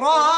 التراب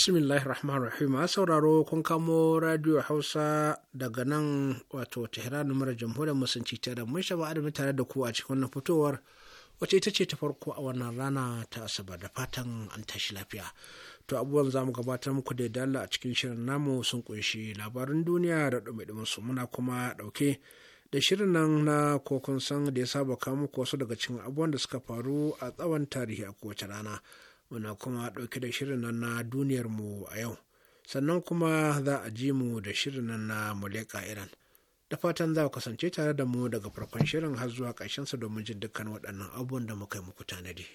bismillahi rahman rahim a sauraro kun kamo radio hausa daga nan wato tehran numar jamhuriyar musulunci ta da mun shaba adamu tare da ku a cikin wannan fitowar wace ita ce ta farko a wannan rana ta asabar da fatan an tashi lafiya to abubuwan za mu gabatar muku da dalla a cikin shirin namu sun kunshi labarin duniya da dumi su muna kuma ɗauke da shirin nan na kokon san da ya saba kawo muku wasu daga cikin abubuwan da suka faru a tsawon tarihi a kowace rana muna kuma ɗauke da shirin nan na duniyarmu a yau sannan kuma za a ji mu da shirin nan na muleka iran da fatan za ku kasance tare da mu daga farkon shirin har zuwa ƙarshensa domin jin dukkan waɗannan abubuwan da muka yi muku tanadi.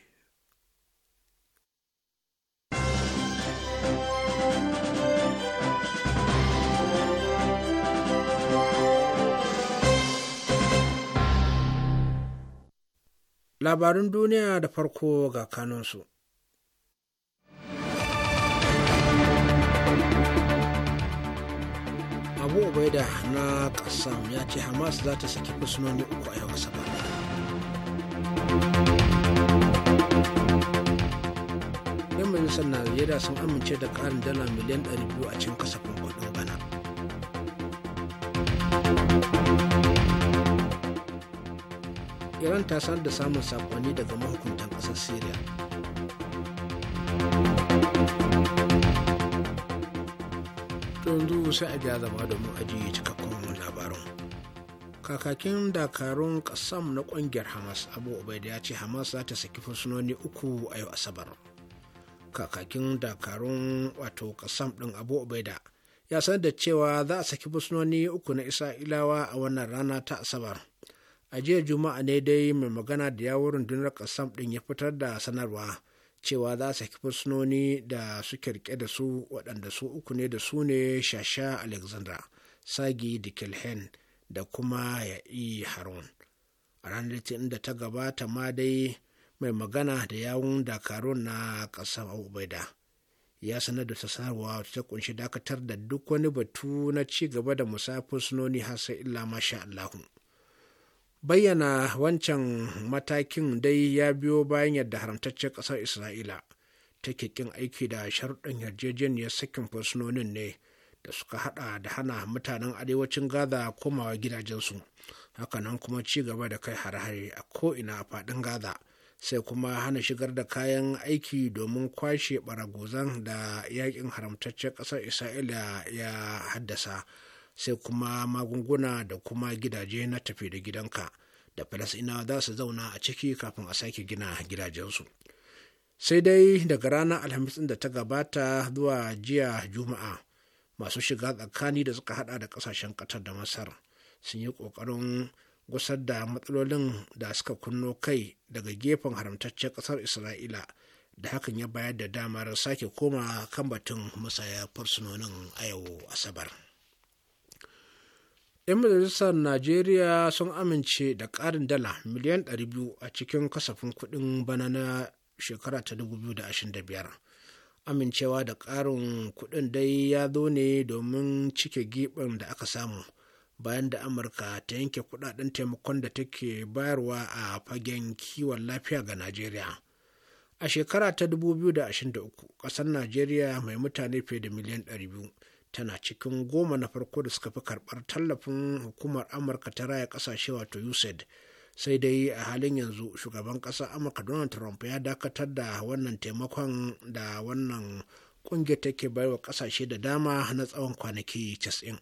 Labarun duniya da farko ga kanunsu. abu da na kasam ya ce hamas za ta saki fursunoni uku a yau Asaba. yan majalisar najeriya sun amince da karin dala miliyan 200 a cikin kasafin kudin bana iran ta sanar da samun sakonni daga mahukuntan ƙasar syria yanzu sai a ja zama domin ajiye cikakkun labarin kakakin dakarun kasam na kungiyar hamas abu ubaida ya ce hamas za ta saki fursunoni uku a yau asabar kakakin dakarun wato kasam din abu ubaida ya sanar da cewa za a saki fursunoni uku na isra'ilawa a wannan rana ta asabar a jiya juma'a ne dai mai magana da yawon rundunar kasam din ya fitar da sanarwa cewa za su haifi fursunoni da suke rike da su waɗanda su uku ne da su ne shasha alexandra sagi dikilhen da kuma ya'i harun a ranar litinin da ta gabata ma dai mai magana da yawun dakarun na ƙasar ubaida ya sanar da ta sanarwa ta kunshi dakatar da duk wani batu na ci gaba da musafin sunoni har sai illa masha Allahu. bayyana wancan matakin dai ya biyo bayan yadda haramtaccen ƙasar isra'ila take ƙin aiki da sharuɗin yarjejeniyar sakin fursunonin ne da suka hada da hana mutanen arewacin gaza komawa gidajensu hakanan kuma ci gaba da kai hare-hare a ko'ina a faɗin gaza sai kuma hana shigar da kayan aiki domin kwashe baragozan da yakin haramtaccen ƙasar isra'ila ya haddasa sai kuma magunguna da kuma gidaje na tafi da gidanka da falasɗinawa za su zauna a ciki kafin a sake gina gidajensu sai dai daga ranar alhamis da ta gabata zuwa jiya juma'a masu shiga tsakani da suka hada da kasashen ƙatar da masar sun yi ƙoƙarin gusar da matsalolin da suka kunno kai daga gefen haramtaccen ƙasar isra'ila da hakan ya bayar da damar sake koma kan batun musaya fursunonin a yau asabar. 'yan majalisar najeriya sun amince da ƙarin dala miliyan 200 a cikin kasafin kuɗin bana na shekara ta 2025 amincewa da ƙarin kuɗin dai ya zo ne domin cike giɓin da aka samu bayan da amurka ta yanke kuɗaɗen taimakon da take bayarwa a fagen kiwon lafiya ga najeriya a shekara ta 2023 ƙasar najeriya mai mutane fiye da miliyan 200 tana cikin goma na farko da suka fi karɓar tallafin hukumar amurka ta raya ƙasashe wato usaid sai dai a halin yanzu shugaban ƙasar amurka donald trump ya dakatar da wannan taimakon da wannan ƙungiyar take baiwa ƙasashe da dama na tsawon kwanaki cas'in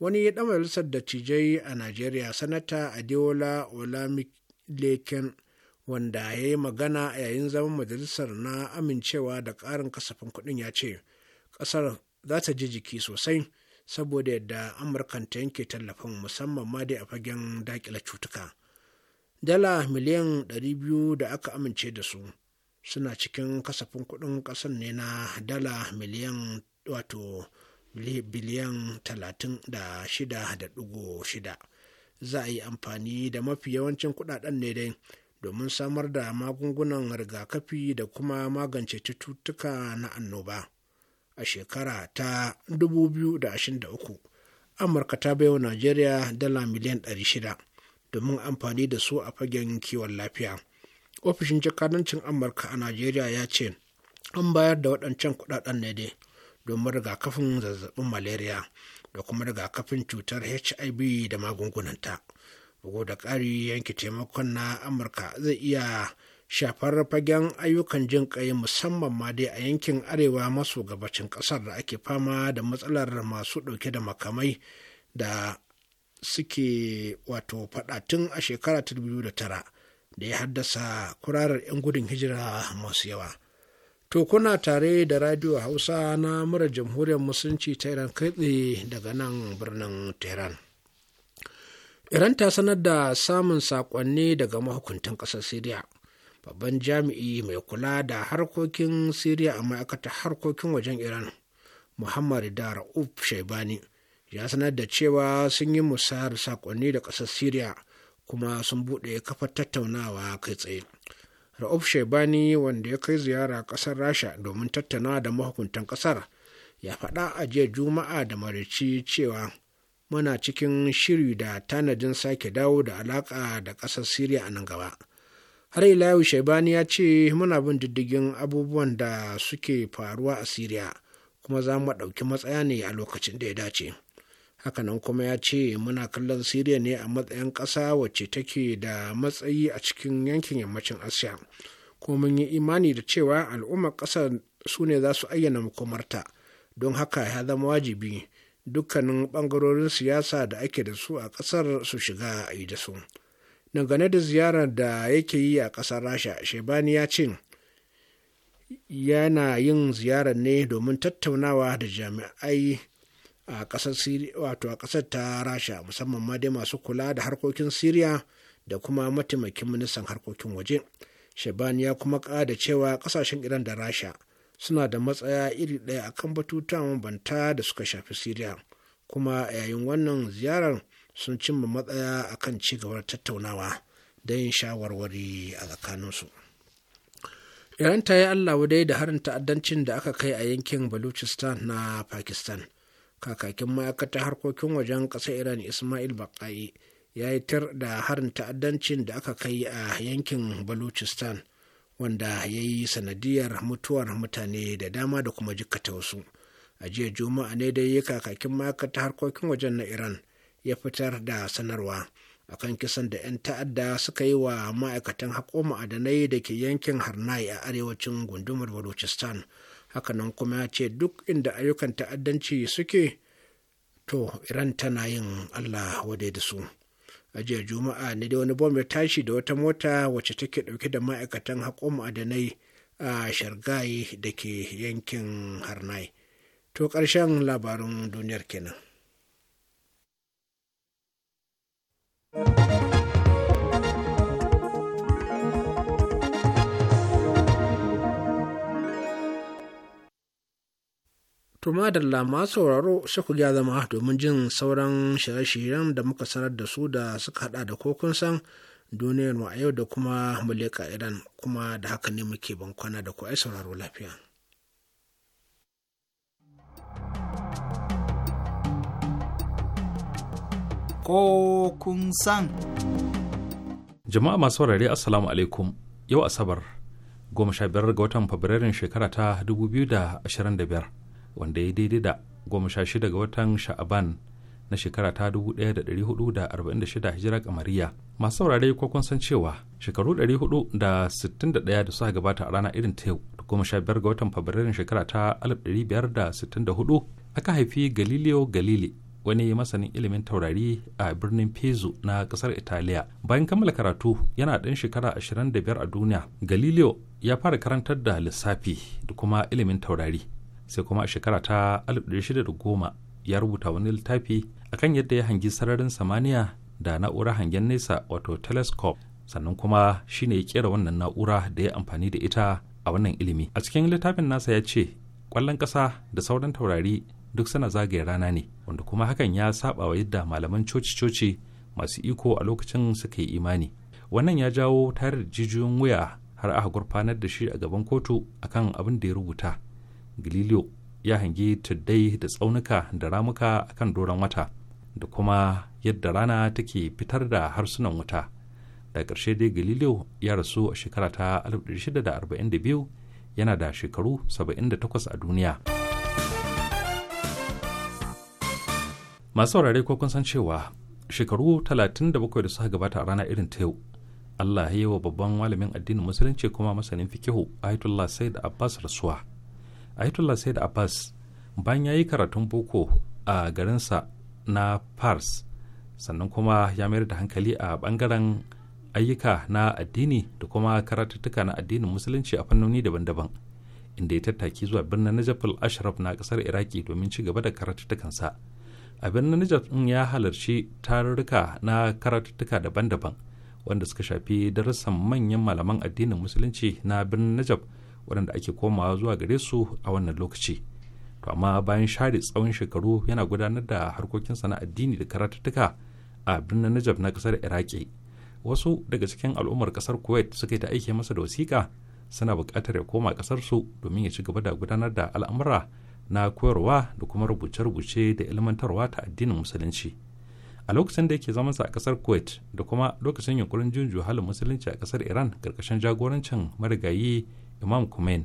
wani ɗan majalisar dattijai a najeriya sanata adeola olamileken wanda ya yi magana a yayin zaman majalisar na amincewa da ƙarin kasafin kuɗin ya ce ƙasar za ta ji jiki sosai saboda yadda amurkan ta yanke tallafin musamman ma dai a fagen dakila cutuka dala miliyan 200 da aka amince da su suna cikin kasafin kudin kasan ne na dala miliyan wato biliyan 36.6 za a yi amfani da mafi yawancin kudaden ne dai domin samar da magungunan rigakafi da kuma magance cututtuka na annoba. a shekara ta 2023 amurka ta baiwa najeriya dala miliyan 600 domin amfani da su a fagen kiwon lafiya ofishin jakadancin amurka a najeriya ya ce an bayar da waɗancan kuɗaɗen ne dai domin rigakafin zazzabin malaria da kuma rigakafin cutar hiv da magungunanta bugu da ƙari yanki taimakon na amurka zai iya shafar fagen ayyukan jin ƙai musamman ma dai a yankin arewa maso gabacin ƙasar da ake fama da matsalar masu ɗauke da makamai da suke wato faɗatun a shekara ta biyu da tara da ya haddasa kurarar 'yan gudun hijira masu yawa. To kuna tare da radio Hausa na mura jamhuriyar musulunci ta Iran kai daga nan birnin Tehran. Iran ta sanar da samun saƙonni daga mahukuntan ƙasar Siriya. babban jami'i mai kula da harkokin siriya a ma'aikatar harkokin wajen iran muhammad da ra'uf shaibani ya sanar da cewa sun yi musayar sakonni da ƙasar siriya kuma sun buɗe kafa tattaunawa kai tsaye ra'uf shaibani wanda ya kai ziyara ƙasar rasha domin tattaunawa da mahukuntan ƙasar ya faɗa a jiya juma'a da marici cewa muna cikin shiri da tanadin sake dawo da alaƙa da ƙasar siriya a nan gaba har ila yau shaibani ya ce muna bin diddigin abubuwan da suke faruwa a siriya kuma za mu ɗauki matsaya ne a lokacin da ya dace hakanan kuma ya ce muna kallon siriya ne a matsayin ƙasa wacce take da matsayi a cikin yankin yammacin asiya kuma mun yi imani da cewa al'ummar ƙasar su ne za su ayyana makomarta don haka ya zama wajibi dukkanin ɓangarorin siyasa da ake da su a ƙasar su shiga a yi da su dangane da ziyarar da yake yi a ƙasar rasha shebani ya ce yana yin ziyarar ne domin tattaunawa da jami'ai a ƙasar wato a ƙasar ta rasha musamman ma dai masu kula da harkokin siriya da kuma mataimakin ministan harkokin waje shebani ya kuma ƙada cewa ƙasashen iran da rasha suna da matsaya iri ɗaya akan batutuwan banta da suka shafi siriya kuma yayin wannan ziyarar sun cimma matsaya a kan cigabar tattaunawa don yin shawarwari a tsakaninsu iran ta yi allah dai da harin ta'addancin da aka kai a yankin baluchistan na pakistan kakakin ma'aikatar harkokin wajen ƙasar iran ismail baƙa'i ya yi tir da harin ta'addancin da aka kai a yankin baluchistan wanda ya yi sanadiyar mutuwar mutane da dama da kuma jikkata wasu a jiya juma'a ne dai kakakin ma'aikatar harkokin wajen na iran ya fitar da sanarwa a kan kisan da 'yan ta'adda suka yi wa ma'aikatan haƙo ma'adanai da ke yankin harnai a arewacin gundumar balochistan hakanan kuma ya ce duk inda ayyukan ta'addanci suke to iran tana yin allah wadai da su a jiya juma'a ne da wani bom ya tashi da wata mota wacce take dauke da ma'aikatan haƙo ma'adanai a shargayi da ke yankin harnai to ƙarshen labarin duniyar kenan. Tuma da lama sauraro sai ku gyara zama domin jin sauran shirye-shiryen da muka sanar da su da suka hada da kokun san duniyar a yau da kuma muleka idan kuma da haka ne muke bankwana da ku ai sauraro lafiya. ko kun san. Jama'a masu saurare Assalamu alaikum yau Asabar goma sha biyar ga watan Fabrairun shekara ta dubu biyu da ashirin da biyar wanda ya daidai da goma sha shida ga watan Sha'aban na shekara ta dubu ɗaya da ɗari hudu da arba'in da shida hijira kamariya. Masu saurare ko kun san cewa shekaru ɗari hudu da sittin da ɗaya da suka gabata a rana irin ta yau da goma sha biyar ga watan Fabrairun shekara ta alif ɗari biyar da sittin da hudu aka haifi Galileo Galili wani masanin ilimin taurari a birnin Pizzo na kasar Italiya. Bayan kammala karatu yana ɗan shekara 25 a duniya, Galileo ya fara karantar da lissafi da kuma ilimin taurari. Sai kuma a shekara ta 1610 ya rubuta wani littafi akan yadda ya hangi sararin samaniya da na'urar hangen nesa wato telescope sannan kuma shine ya kera wannan na'ura da ya amfani da ita a wannan ilimi. A cikin littafin nasa ya ce, ƙwallon ƙasa da sauran taurari duk sana zagaye rana ne wanda kuma hakan ya saba wa yadda malaman coci-coci masu iko a lokacin suka yi imani wannan ya jawo tare da jijiyoyin wuya har aka gurfanar da shi a gaban kotu akan abin da ya rubuta galileo ya hangi tuddai da tsaunuka da ramuka akan doron wata da kuma yadda rana take fitar da harsunan wuta da ƙarshe dai galileo ya rasu a shekara ta 1642 yana da shekaru 78 a duniya. masu saurare ko kun san cewa shekaru 37 da suka gabata a rana irin ta yau Allah ya yi wa babban malamin addinin musulunci kuma masanin fikihu Ayatollah Said Abbas rasuwa Ayatollah Said Abbas bayan ya yi karatun boko a garinsa na Fars sannan kuma ya mayar da hankali a bangaren ayyuka na addini da kuma karatattuka na addinin musulunci a fannoni daban-daban inda ya tattaki zuwa birnin Najaf al-Ashraf na kasar Iraki domin ci gaba da karatuttukansa a birnin nijar din ya halarci tarurruka na karatuttuka daban-daban wanda suka shafi darussan manyan malaman addinin musulunci na birnin nijar waɗanda ake komawa zuwa gare su a wannan lokaci to amma bayan share tsawon shekaru yana gudanar da harkokin sana addini da karatuttuka a birnin nijar na ƙasar iraki wasu daga cikin al'ummar ƙasar kuwait suka yi ta aike masa da wasiƙa suna buƙatar ya koma ƙasarsu domin ya ci gaba da gudanar da al'amura na koyarwa da kuma rubuce-rubuce da ilmantarwa ta addinin musulunci a lokacin da yake zamansa a kasar kuwait da kuma lokacin yunkurin junju halin musulunci a kasar iran karkashin jagorancin marigayi imam kumain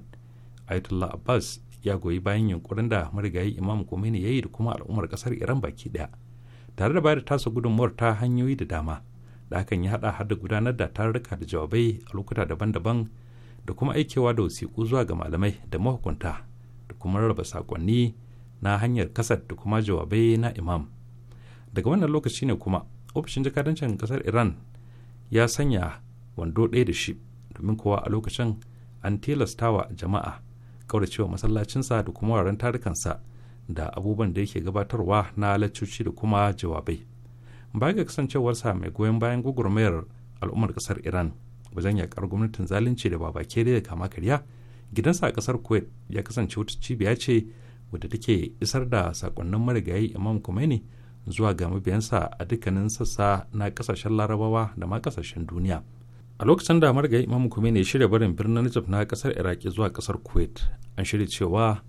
ayatollah abbas ya goyi bayan yunkurin da marigayi imam kumain ya yi da kuma al'ummar kasar iran baki daya tare da bayar da tasa gudunmuwar ta hanyoyi da dama da hakan ya haɗa har da gudanar da tarurruka da jawabai a lokuta daban-daban da kuma aikewa da wasiƙu zuwa ga malamai da mahukunta da kuma rarraba sakonni na hanyar kasar da kuma jawabai na imam daga wannan lokaci ne kuma ofishin jakadancin kasar iran ya sanya wando ɗaya da shi domin kowa a lokacin an tilastawa jama'a kauracewa masallacinsa da kuma wuraren tarukansa da abubuwan da yake gabatarwa na lacuci da kuma jawabai baya ga kasancewarsa mai goyon bayan gwagwarmayar al'ummar kasar iran wajen yakar gwamnatin zalunci da babake da kama karya gidansa a kasar kuwait ya kasance wata cibiya ce wadda take isar da sakonnin marigayi imam khomeini zuwa ga mabiyansa a dukkanin sassa na kasashen larabawa da ma kasashen duniya a lokacin da marigayi imam khomeini ya shirya barin birnin najaf na kasar iraki zuwa kasar kuwait an shirya cewa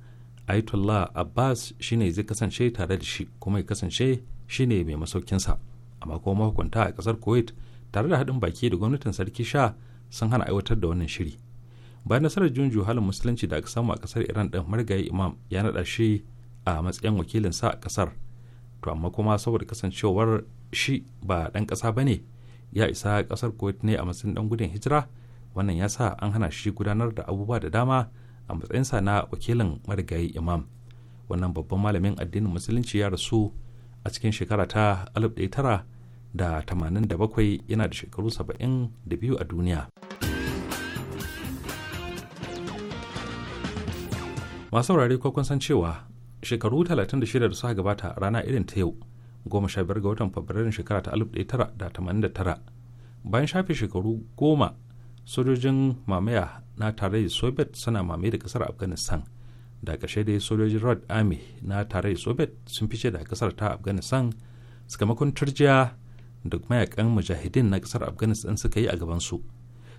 ayatollah abbas shine zai kasance tare da shi kuma ya kasance shine mai masaukinsa amma kuma mahukunta a kasar kuwait tare da haɗin baki da gwamnatin sarki sha sun hana aiwatar da wannan shiri bayan nasarar junju halin musulunci da aka samu a kasar iran din marigayi imam ya naɗa shi a matsayin wakilin sa a kasar to amma kuma saboda kasancewar shi ba ɗan ƙasa ba ne ya isa ƙasar kuwait ne a matsayin ɗan gudun hijira wannan ya sa an hana shi gudanar da abubuwa da dama a matsayin sa na wakilin marigayi imam wannan babban malamin addinin musulunci ya rasu a cikin shekara ta 1987 yana da shekaru saba'in da biyu a duniya. masu saurare ko kun san cewa shekaru 36 da suka gabata rana irin ta yau 15 ga watan fabrairun shekara ta 1989 bayan shafe shekaru goma sojojin mamaya na tarayyar soviet suna mamaye da kasar afghanistan da ƙarshe dai sojojin red army na tarayyar soviet sun fice da kasar ta afghanistan makon turjiya da mayakan mujahidin na kasar afghanistan suka yi a gabansu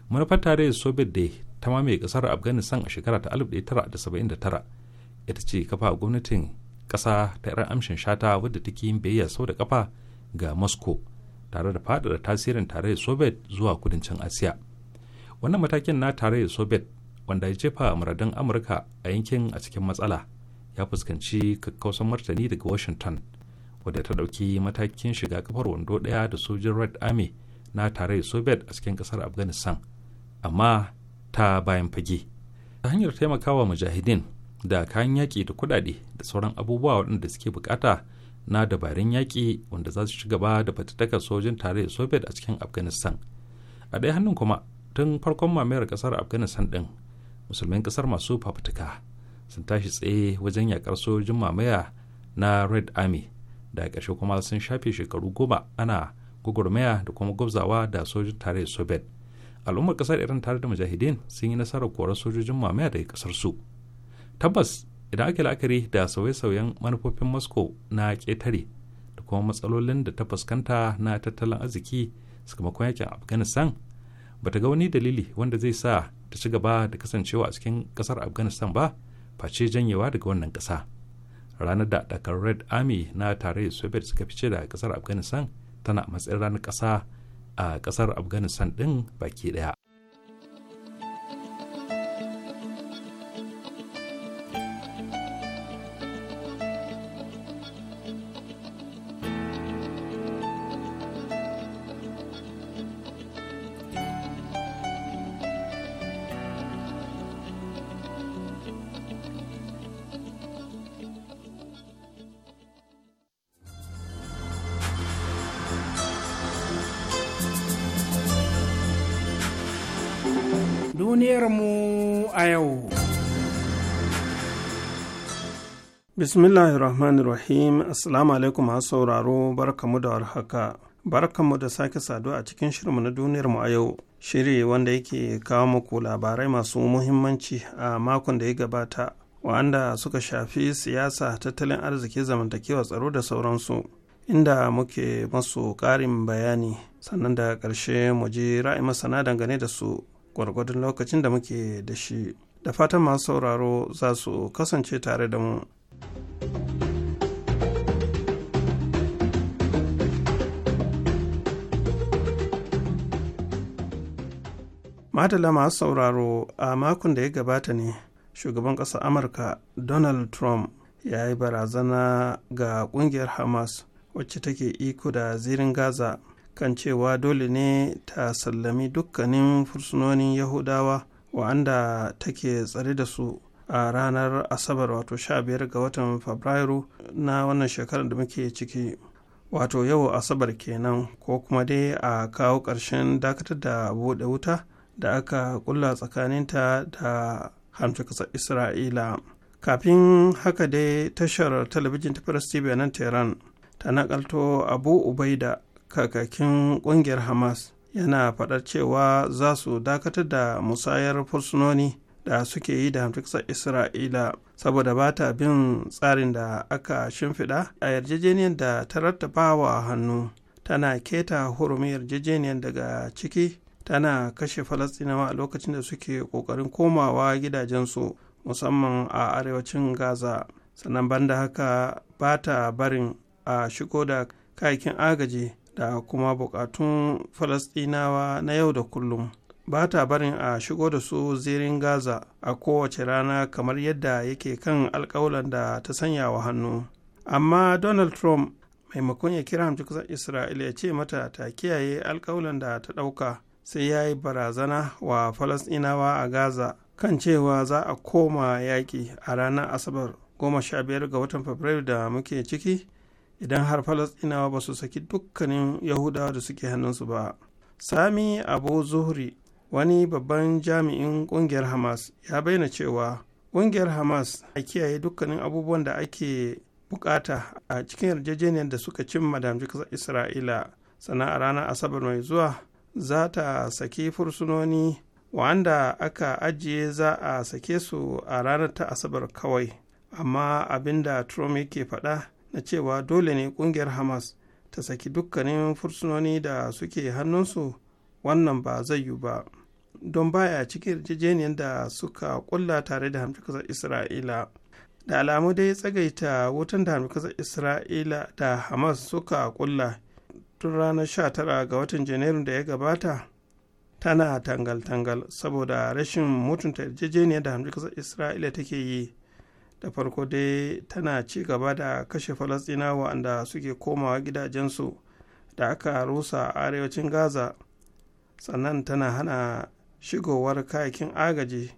manufar tarayyar soviet dai ta mamaye kasar afghanistan a shekara ta 1979 ita ce kafa gwamnatin kasa ta iran amshin shata wadda take yin biyayya sau da kafa ga moscow tare da faɗaɗa tasirin tarayyar soviet zuwa kudancin asiya wannan matakin na tare tarayyar soviet wanda ya jefa muradun amurka a yankin a cikin matsala ya fuskanci kakkausan martani daga washington wadda ta ɗauki matakin shiga kafar wando ɗaya da sojin red army na tarayyar soviet a cikin ƙasar afghanistan amma ta bayan fage ta hanyar taimakawa mujahidin da kayan yaƙi da kuɗaɗe da sauran abubuwa waɗanda suke bukata na dabarun yaƙi wanda za su ci gaba da fatattakar sojin tarayyar soviet a cikin afghanistan a ɗaya hannun kuma tun farkon mamayar ƙasar afghanistan ɗin musulmin ƙasar masu fafutuka sun tashi tsaye wajen yaƙar sojin mamaya na red army da ƙarshe kuma sun shafe shekaru goma ana gwagwarmaya da kuma gwabzawa da sojin tarayyar soviet al'ummar kasar iran tare da mujahideen sun yi nasarar korar sojojin mamaya daga kasar su tabbas idan ake la'akari da sauye-sauyen manufofin moscow na ƙetare da kuma matsalolin da ta fuskanta na tattalin arziki sakamakon yakin afghanistan ba ta ga wani dalili wanda zai sa ta ci gaba da kasancewa a cikin kasar afghanistan ba face janyewa daga wannan ƙasa ranar da dakar red army na tarayyar soviet suka fice daga kasar afghanistan tana matsayin ranar ƙasa a ƙasar afghanistan ɗin baki ɗaya Bismillahirrahmanirrahim. Assalamu alaikum masu sauraro barkamu da warhaka. Barkamu da sake saduwa a cikin shirinmu na duniyar mu a yau. Shiri wanda yake kawo muku labarai masu muhimmanci a makon da ya gabata, wanda suka shafi siyasa, tattalin arziki, zamantakewa, tsaro da sauransu. Inda muke masu ƙarin bayani, sannan da ƙarshe mu je ra'ayi masana dangane da su gwargwadon lokacin da muke da shi. Da fatan masu sauraro za su kasance tare da mu. Madala masu sauraro a makon da ya gabata ne shugaban ƙasar Amurka Donald Trump ya yi barazana ga ƙungiyar Hamas wacce take iko da zirin Gaza kan cewa dole ne ta sallami dukkanin fursunonin Yahudawa wa'anda take tsare da su a ranar asabar wato 15 ga watan fabrairu na wannan shekarar da muke ciki wato yau asabar kenan ko kuma dai a kawo ƙarshen dakatar da buɗe wuta da aka kulla tsakaninta da hamshe isra'ila kafin haka dai tashar talabijin ta firas nan tehran ta nakalto abu ubaida kakakin ƙungiyar hamas yana faɗar cewa za su dakatar da musayar fursunoni da suke yi da hamfiksar isra'ila saboda ba ta bin tsarin da aka shimfiɗa a yarjejeniyar da ta rattaba wa hannu tana keta hurumin yarjejeniyar daga ciki tana kashe falastinawa a lokacin da suke ƙoƙarin komawa gidajensu musamman a arewacin gaza sannan banda haka ba ta barin a shigo da kayakin agaji da kuma buƙatun falastinawa na yau da kullum ba ta barin a shigo da su zirin gaza a kowace rana kamar yadda yake kan alkawalan da ta sanya wa hannu amma donald trump maimakon ya kira hamci kusan isra'ila ya ce mata ta kiyaye alkawalan da ta ɗauka sai ya yi barazana wa falasɗinawa a gaza kan cewa za a koma yaƙi a ranar asabar 15 ga watan fabrairu da muke ciki idan har falasɗinawa ba su saki dukkanin yahudawa da suke hannunsu ba sami abu zuhri wani babban jami'in ƙungiyar hamas ya bayyana cewa ƙungiyar hamas a kiyaye dukkanin abubuwan da ake bukata a cikin yarjejeniyar da suka cin madamji kasar isra'ila sannan a ranar asabar mai zuwa za ta saki fursunoni wanda aka ajiye za a sake su a ranar ta asabar kawai amma abin da trump yake faɗa na cewa dole ne ƙungiyar hamas ta saki dukkanin fursunoni da suke hannunsu wannan ba zai yiwu ba don baya cikin yarjejeniyar da suka kulla tare da hamci kasar isra'ila da alamu dai tsagaita wutan da kasar isra'ila da hamas suka kulla tun ranar 19 ga watan janairun da ya gabata tana tangal-tangal saboda rashin mutunta yarjejeniyar da hamci kasar isra'ila take yi da farko dai tana ci gaba da kashe falasɗinawa wanda suke komawa gidajensu da aka rusa arewacin gaza sannan tana hana shigowar kayakin agaji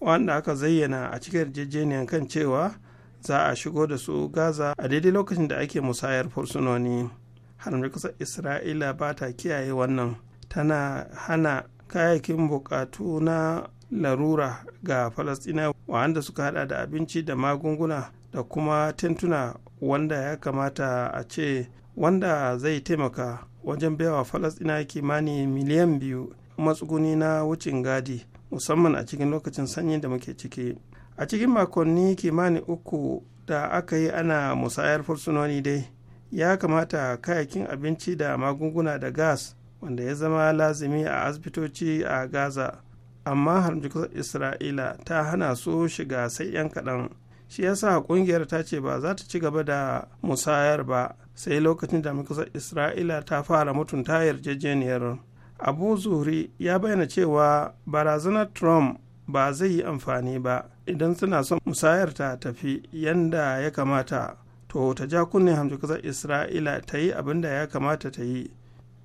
wanda aka zayyana a cikin yarjejeniyar kan cewa za a shigo da su gaza a daidai lokacin da ake musayar fursunoni haramci kasar isra'ila ba ta kiyaye wannan tana hana kayakin bukatu na larura ga falastina wanda suka hada da abinci da magunguna da kuma tentuna wanda ya kamata a ce wanda zai taimaka wajen baiwa falastina kimanin miliyan biyu matsuguni na wucin gadi musamman a cikin lokacin sanyi da muke ciki a cikin makonni kimani uku da aka yi ana musayar fursunoni dai ya kamata kayakin abinci da magunguna da gas wanda ya zama lazimi a asibitoci a gaza amma harmjikusar isra'ila ta hana su shiga sai 'yan kaɗan shi yasa ƙungiyar ta ce ba za ta ci gaba da musayar ba sai lokacin da harmjikusar isra'ila ta fara mutunta yarjejeniyar abu zuhri ya bayyana cewa barazanar trump ba zai yi amfani ba idan suna son musayar ta tafi yanda ya kamata to ta ja kunne hamshi kasar isra'ila ta yi abin da ya kamata ta yi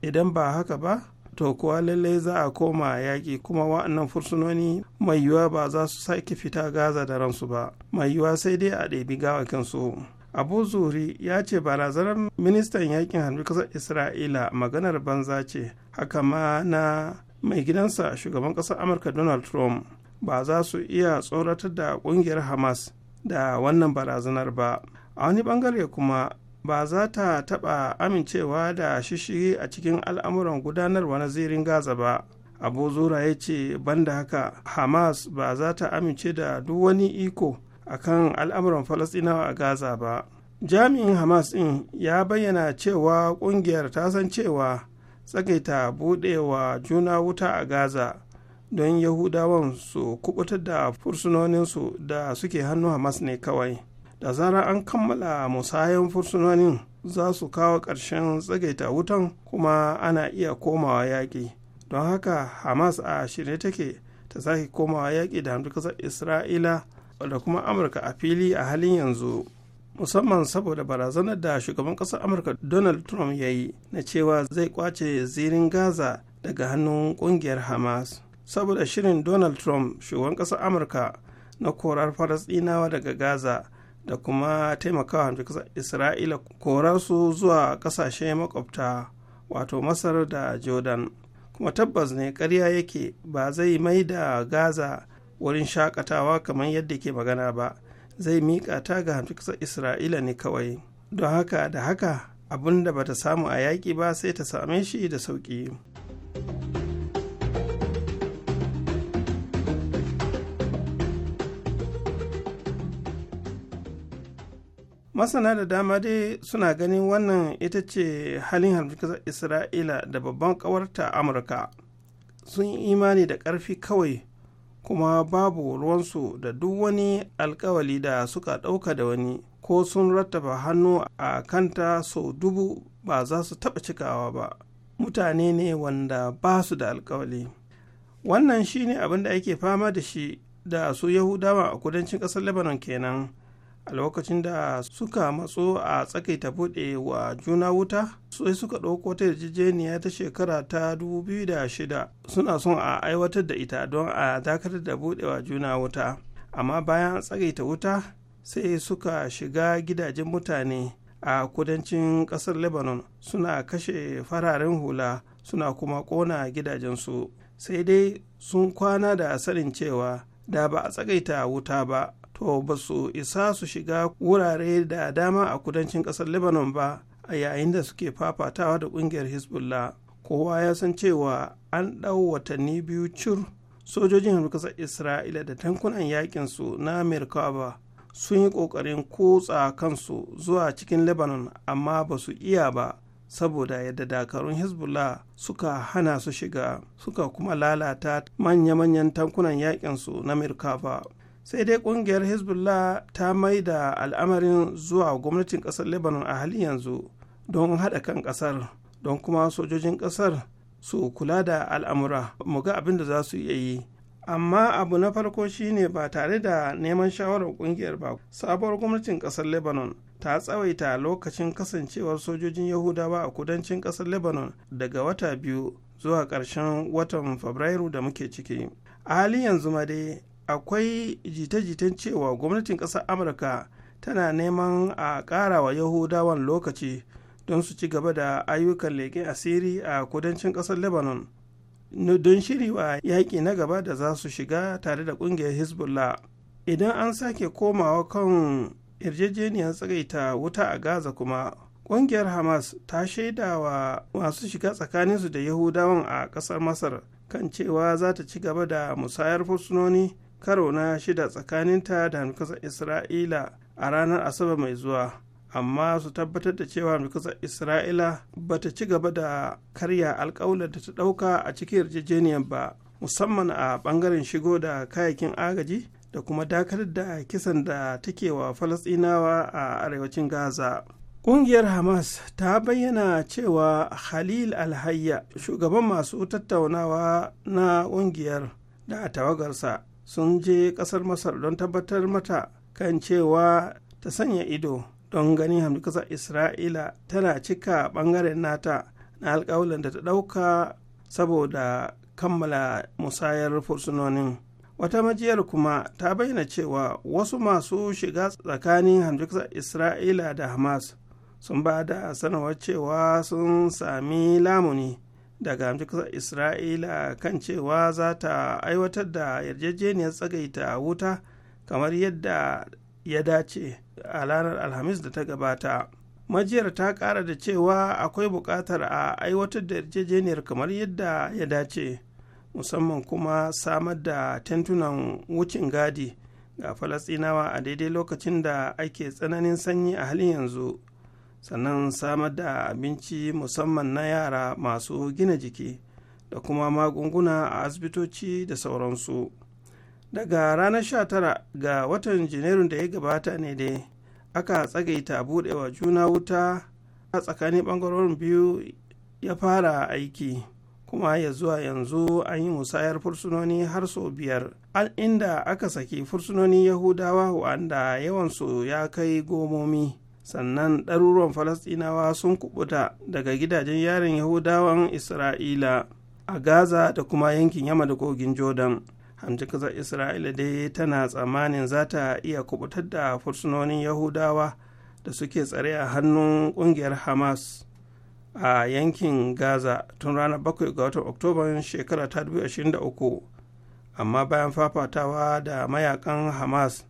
idan ba haka ba to kuwa lallai za a koma yaƙi kuma wa'annan fursunoni mai yiwuwa ba za su sake fita gaza da ransu ba mai yiwuwa sai dai a ɗebi gawakinsu abu zuhri ya ce barazanar ministan yakin hannun kasar isra'ila maganar banza ce haka ma na mai gidansa shugaban kasar amurka donald trump ba za su iya tsoratar da kungiyar hamas da wannan barazanar ba a wani bangare kuma ba za ta taɓa amincewa da shishiri a cikin al'amuran gudanarwa na zirin gaza ba abu zura ya ce banda haka hamas ba za ta amince da duk wani iko akan al'amuran falasdinawa a gaza ba jami'in hamas din ya bayyana cewa kungiyar ta san cewa tsakaita budewa juna wuta a gaza don yahudawan su kubutar da fursunoninsu da suke hannu hamas ne kawai da zarar an kammala musayan fursunonin za su kawo ƙarshen tsagaita wutan kuma ana iya komawa yaƙi don haka hamas a shirye take ta sake komawa yaƙi da hamdukasar ƙasar isra'ila da kuma amurka a fili a halin yanzu musamman saboda barazanar da shugaban ƙasar amurka donald trump ya yi na cewa zai kwace zirin gaza daga hannun ƙungiyar hamas saboda shirin donald trump shugaban ƙasar amurka na korar falasɗinawa daga gaza da kuma taimakawa kasar isra'ila korar su zuwa ƙasashen makwabta wato masar da jordan kuma tabbas ne karya yake ba zai mai da gaza wurin shakatawa kamar yadda ke magana ba zai miƙa ta ga hamsar isra'ila ne kawai don haka da haka abin da bata samu a yaƙi ba sai ta same shi da sauƙi masana da dama dai suna ganin wannan ita ce halin hamsar isra'ila da babban ƙawarta amurka sun yi imani da ƙarfi kawai kuma babu ruwansu da duk wani alkawali da suka ɗauka da wani ko sun rattaba hannu a kanta sau dubu ba za su taɓa cikawa ba mutane ne wanda ba su da alkawali wannan shi ne abin da ake fama da shi da su yahudawa a kudancin ƙasar lebanon kenan a lokacin da suka matso a tsakaita buɗewa wa juna wuta sai suka ɗauko ta yarjejeniya ta shekara ta 2006 suna son a aiwatar da ita don a dakatar da buɗewa wa juna wuta amma bayan tsakaita wuta sai suka shiga gidajen mutane a kudancin ƙasar lebanon suna kashe fararen hula suna kuma ƙona gidajensu sai dai sun kwana da sanin cewa da ba a tsagaita wuta ba to ba su isa su shiga wurare da dama a kudancin kasar lebanon ba a yayin da suke fafatawa da kungiyar hezbollah kowa ya san cewa an ɗau watanni biyu cur sojojin ƙasar isra'ila da tankunan yakinsu na merkaba sun yi ƙoƙarin kotsa kansu zuwa cikin lebanon amma ba su iya ba saboda yadda dakarun hezbollah suka hana su shiga suka kuma lalata manya-manyan tankunan yakinsu na merkaba sai dai kungiyar hezbollah ta mai da al'amarin zuwa gwamnatin kasar lebanon a halin yanzu don haɗa kan kasar don kuma sojojin kasar su kula da al'amura mu ga abin da za su iya yi amma abu na farko shine ba tare da neman shawarar kungiyar ba sabuwar gwamnatin kasar lebanon ta tsawaita lokacin kasancewar sojojin yahudawa a kudancin kasar lebanon daga wata biyu zuwa ƙarshen watan fabrairu da muke ciki a halin yanzu ma dai akwai jita-jitan cewa gwamnatin ƙasar amurka tana neman a ƙara wa yahudawan lokaci don su ci gaba da ayyukan leƙen asiri a kudancin ƙasar lebanon don shiri wa yaƙi na gaba da za su shiga tare da ƙungiyar hezbollah idan an sake komawa kan yarjejeniyar tsagaita wuta a gaza kuma ƙungiyar hamas ta shaida wa masu shiga tsakaninsu da yahudawan a ƙasar masar kan cewa za ta ci gaba da musayar fursunoni karo na shida tsakaninta da hamkasar isra'ila a ranar asabar mai zuwa amma su tabbatar da cewa hamkasar isra'ila ba ta ci gaba da karya alkawalar da ta ɗauka a cikin yarjejeniyar ba musamman a ɓangaren shigo da kayakin agaji da kuma dakatar da kisan da take wa falasɗinawa a arewacin gaza Ƙungiyar Hamas ta bayyana cewa Khalil Alhayya, shugaban masu tattaunawa na ƙungiyar da a tawagarsa sun je kasar masar don tabbatar mata kan cewa ta sanya ido don ganin hamdu kasar isra'ila tana cika bangaren nata na alkawalin da ta ɗauka saboda kammala musayar fursunonin wata majiyar kuma ta bayyana cewa wasu masu shiga tsakanin kasar isra'ila da hamas sun ba da sanarwar cewa sun sami lamuni daga amurka isra'ila kan cewa za ta aiwatar da yarjejeniyar tsagaita wuta kamar yadda ya dace a ranar alhamis da ta gabata majiyar ta kara da cewa akwai bukatar a aiwatar da yarjejeniyar kamar yadda ya dace musamman kuma samar da tentunan wucin gadi ga falasinawa a daidai lokacin da ake tsananin sanyi a halin yanzu sannan samar da abinci musamman na yara masu gina jiki da kuma magunguna a asibitoci da sauransu daga ranar 19 ga watan janairun da ya gabata ne dai aka tsagaita buɗewa juna wuta a tsakanin ɓangarorin biyu ya fara aiki kuma ya zuwa yanzu an yi musayar fursunoni har sau biyar an inda aka saki fursunoni yahudawa wanda yawansu ya kai gomomi sannan ɗaruruwan falasɗinawa sun kubuta daga gidajen yarin yahudawan isra'ila a gaza da kuma yankin yamma da kogin jordan hamci kasar isra'ila dai tana tsammanin za ta iya kubutar da fursunonin yahudawa da suke tsare a hannun ƙungiyar hamas a yankin gaza tun ranar 7 ga watan oktoban shekara ta 2023 amma bayan fafatawa da mayakan hamas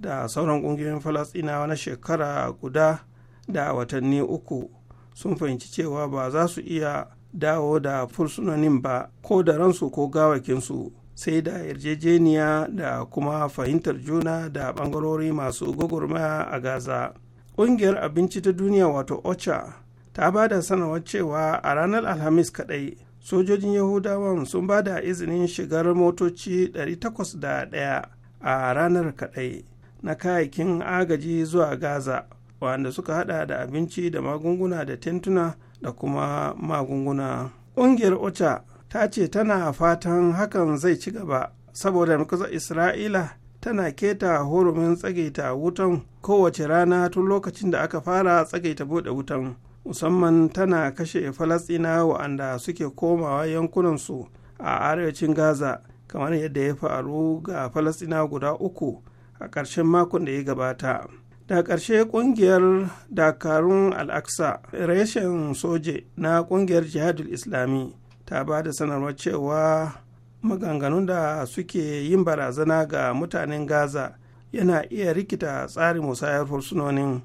da sauran ƙungiyoyin falasɗinawa na shekara guda da watanni uku sun fahimci cewa ba za su iya dawo da fursunonin ba ko da ransu ko gawakinsu sai da yarjejeniya da kuma fahimtar juna da ɓangarori masu gwagwarmaya a gaza ƙungiyar abinci ta duniya wato ocha ta ba da sanarwar cewa a ranar alhamis kaɗai sojojin yahudawan sun ba da izinin shigar motoci 801 a ranar kaɗai na kayayyakin agaji zuwa gaza wanda suka hada da abinci da magunguna da tentuna da kuma magunguna ƙungiyar ocha ta ce tana fatan hakan zai ci gaba saboda ƙasar isra'ila tana keta horumin tsagaita wutan kowace rana tun lokacin da aka fara tsagaita buɗe wutan musamman tana kashe Falasina wa'anda suke komawa yankunansu a arewacin gaza kamar yadda ya faru ga falastina guda uku a ƙarshen makon da ya gabata da ƙarshe ƙungiyar dakarun al-Aqsa, reshen soje na ƙungiyar jihadul islami ta ba da sanarwar cewa maganganun da suke yin barazana ga mutanen gaza yana iya rikita tsarin musayar fursunonin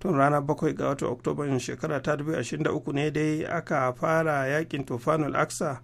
tun ranar 7 ga watan oktoban shekara ta 2023 ne dai aka fara yakin tufanul aksa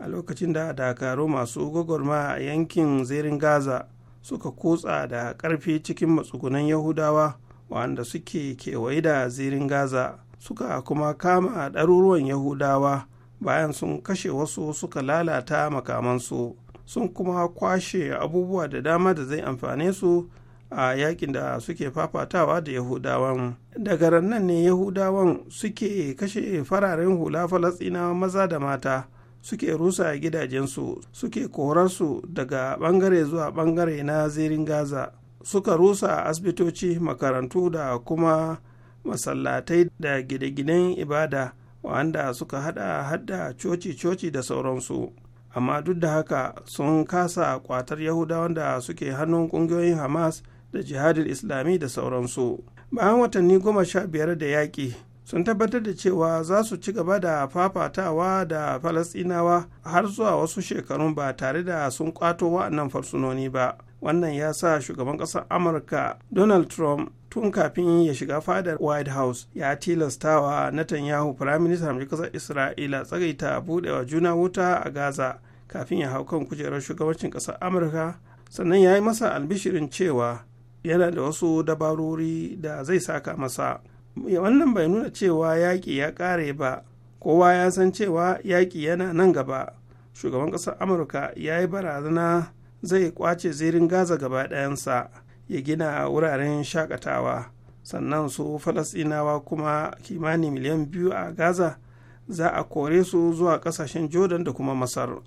a lokacin da dakaru masu gwagwarma a yankin zirin gaza suka kutsa da ƙarfi cikin matsugunan yahudawa wanda suke kewaye da zirin gaza suka kuma kama ɗaruruwan yahudawa bayan sun kashe wasu suka lalata makamansu sun kuma kwashe abubuwa da dama da zai amfane su a yakin da suke fafatawa da yahudawan daga rannan ne yahudawan suke kashe fararen hula falasina maza da mata suke rusa gidajensu suke korarsu daga bangare zuwa bangare na zirin gaza suka rusa asibitoci makarantu da kuma masallatai da gine-ginen ibada wanda suka hada hada coci-coci da sauransu amma duk da haka sun kasa kwatar yahudawan da suke hannun kungiyoyin hamas da jihadin islami da sauransu bayan watanni goma sha biyar da yaƙi sun tabbatar da cewa za su ci gaba da fafatawa da falasinawa har zuwa wasu shekarun ba tare da sun kwato wa'annan farsunoni ba wannan ya sa shugaban ƙasar amurka donald trump tun kafin ya shiga fadar white house ya tilastawa netanyahu firaministan mai ƙasar isra'ila tsagaita buɗewa juna wuta a gaza kafin ya hau kan kujerar shugabancin ƙasar amurka sannan ya yi masa albishirin cewa yana da wasu dabarori da zai saka masa wannan bai nuna cewa yaƙi ya ƙare ba kowa ya san cewa yaƙi yana nan gaba shugaban ƙasar amurka ya yi barazana zai ƙwace zirin gaza gaba ɗayansa ya gina wuraren shakatawa sannan su falasɗinawa kuma kimanin miliyan biyu a gaza za a kore su zuwa ƙasashen jordan da kuma masar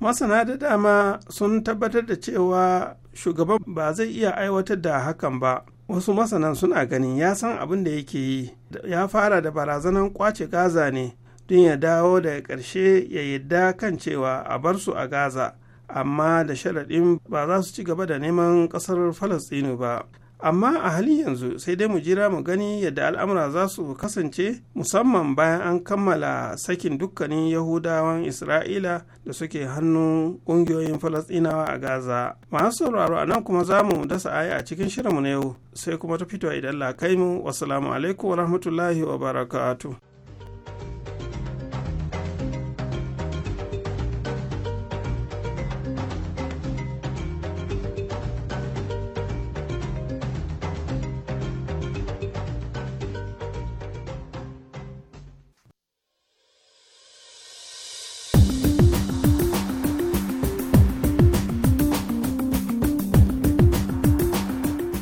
masana da dama sun tabbatar da cewa shugaban ba zai iya aiwatar da hakan ba wasu masanan suna ganin ya san abin da yake yi ya fara da barazanan kwace gaza ne don ya dawo daga ƙarshe ya yadda kan cewa a bar su a gaza amma da sharaɗin ba za su ci gaba da neman ƙasar falastinu ba amma a hali yanzu sai dai mu jira mu gani yadda al'amura za su kasance musamman bayan an kammala sakin dukkanin yahudawan isra'ila da suke hannun ƙungiyoyin falasɗinawa a gaza masu sauraro a nan kuma za mu dasa aya a cikin shirinmu na yau sai kuma ta fito idan la kai mu wasu alaikum wa rahmatullahi wa barakatuh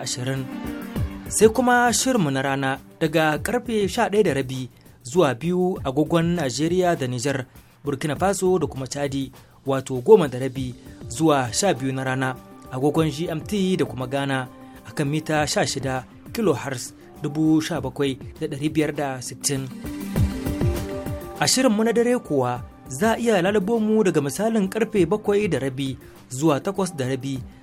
ashirin sai kuma shirmu na rana daga karfe 11 zuwa biyu agogon Najeriya da Nijar Burkina Faso da kuma Chadi wato goma da rabi zuwa sha biyu na rana agogon GMT da kuma Ghana akan mita 16 kilohertz 17,560 a shirinmu na dare kuwa za a iya lalabo mu daga misalin karfe bakwai da rabi zuwa takwas da rabi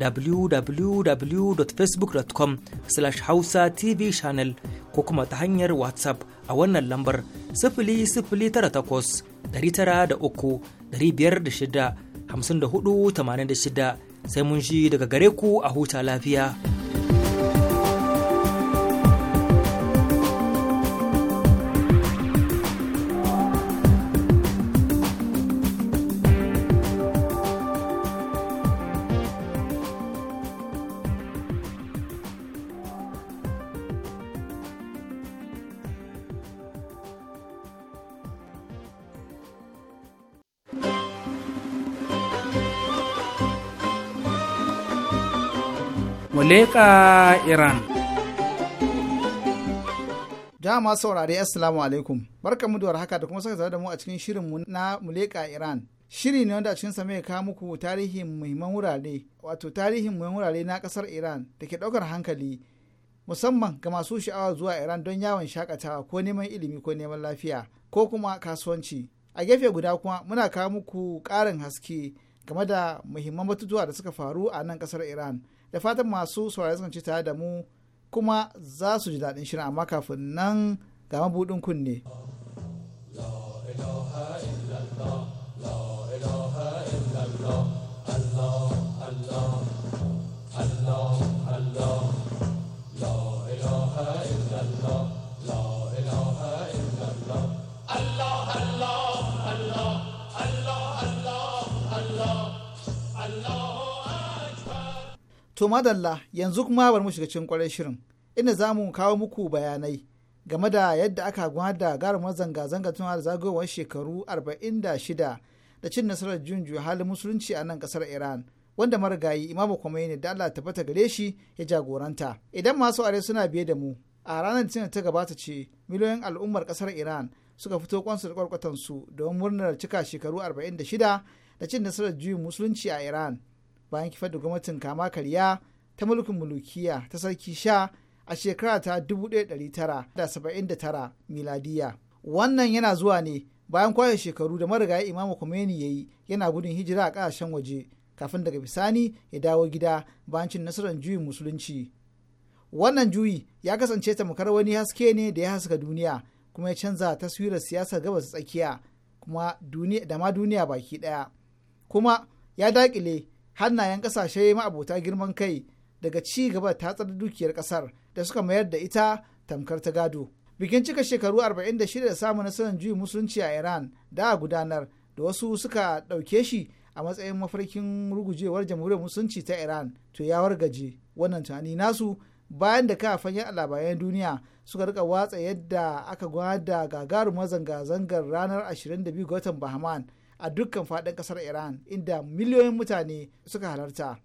www.facebook.com slash hausa tv channel ko kuma ta hanyar whatsapp a wannan lambar da 00983 506 shida sai mun shi daga gare ku a huta lafiya. leƙa Iran. Jama'a saurari Assalamu alaikum. Barkanmu muduwar haka da kuma saka da mu a cikin shirin mu na Muleka Iran. Shiri ne wanda a cikin mai kawo muku tarihin muhimman wurare, wato tarihin muhimman wurare na kasar Iran da ke ɗaukar hankali musamman ga masu sha'awa zuwa Iran don yawon shakatawa ko neman ilimi ko neman lafiya ko kuma kasuwanci. A gefe guda kuma muna kawo muku ƙarin haske game da muhimman batutuwa da suka faru a nan kasar Iran. da fatan masu saurari sun ci tare da mu kuma za su ji daɗin shirin amma kafin nan ga mabuɗin kunne. Allah, Allah, Allah, To madalla yanzu kuma bari mu shiga cikin kwarai shirin inda za mu kawo muku bayanai game da yadda aka gwada da garumar zanga-zanga tun da zagayowar shekaru 46 da cin nasarar junju halin musulunci a nan kasar Iran. Wanda marigayi Imamu ne da Allah ta fata gare shi ya jagoranta. Idan masu are suna biye da mu, a ranar Litinin ta gabata ce miliyoyin al'ummar kasar Iran suka fito kwansu da kwarkwatan su don murnar cika shekaru 46 da cin nasarar juyin musulunci a Iran. bayan kifar da gwamnatin kama karya ta mulkin mulukiya ta sarki sha a shekara ta 1979 miladiya. Wannan yana zuwa ne bayan kwashe shekaru da marigayi Imamu kwameni ya yi yana gudun hijira a ƙasashen waje kafin daga bisani ya dawo gida bayan cin nasarar juyin musulunci. Wannan juyi ya kasance tamkar wani haske ne da ya haska duniya kuma ya canza taswirar siyasar gabas tsakiya kuma da ma duniya baki daya. Kuma ya daƙile hannayen kasashe ma'abota girman kai daga ci gaba ta tatsar dukiyar kasar da suka mayar da ita tamkar ta gado bikin cika shekaru 46 da samun nasarar juyin musulunci a iran da a gudanar da wasu suka ɗauke shi a matsayin mafarkin rugujewar jamhuriyar musulunci ta iran to ya wargaje wannan tunani nasu bayan da kafin yan labaran duniya suka rika watsa yadda aka gwada gagarumar zanga-zangar ranar 22 ga watan bahman a dukkan faɗin ƙasar iran inda miliyoyin mutane suka halarta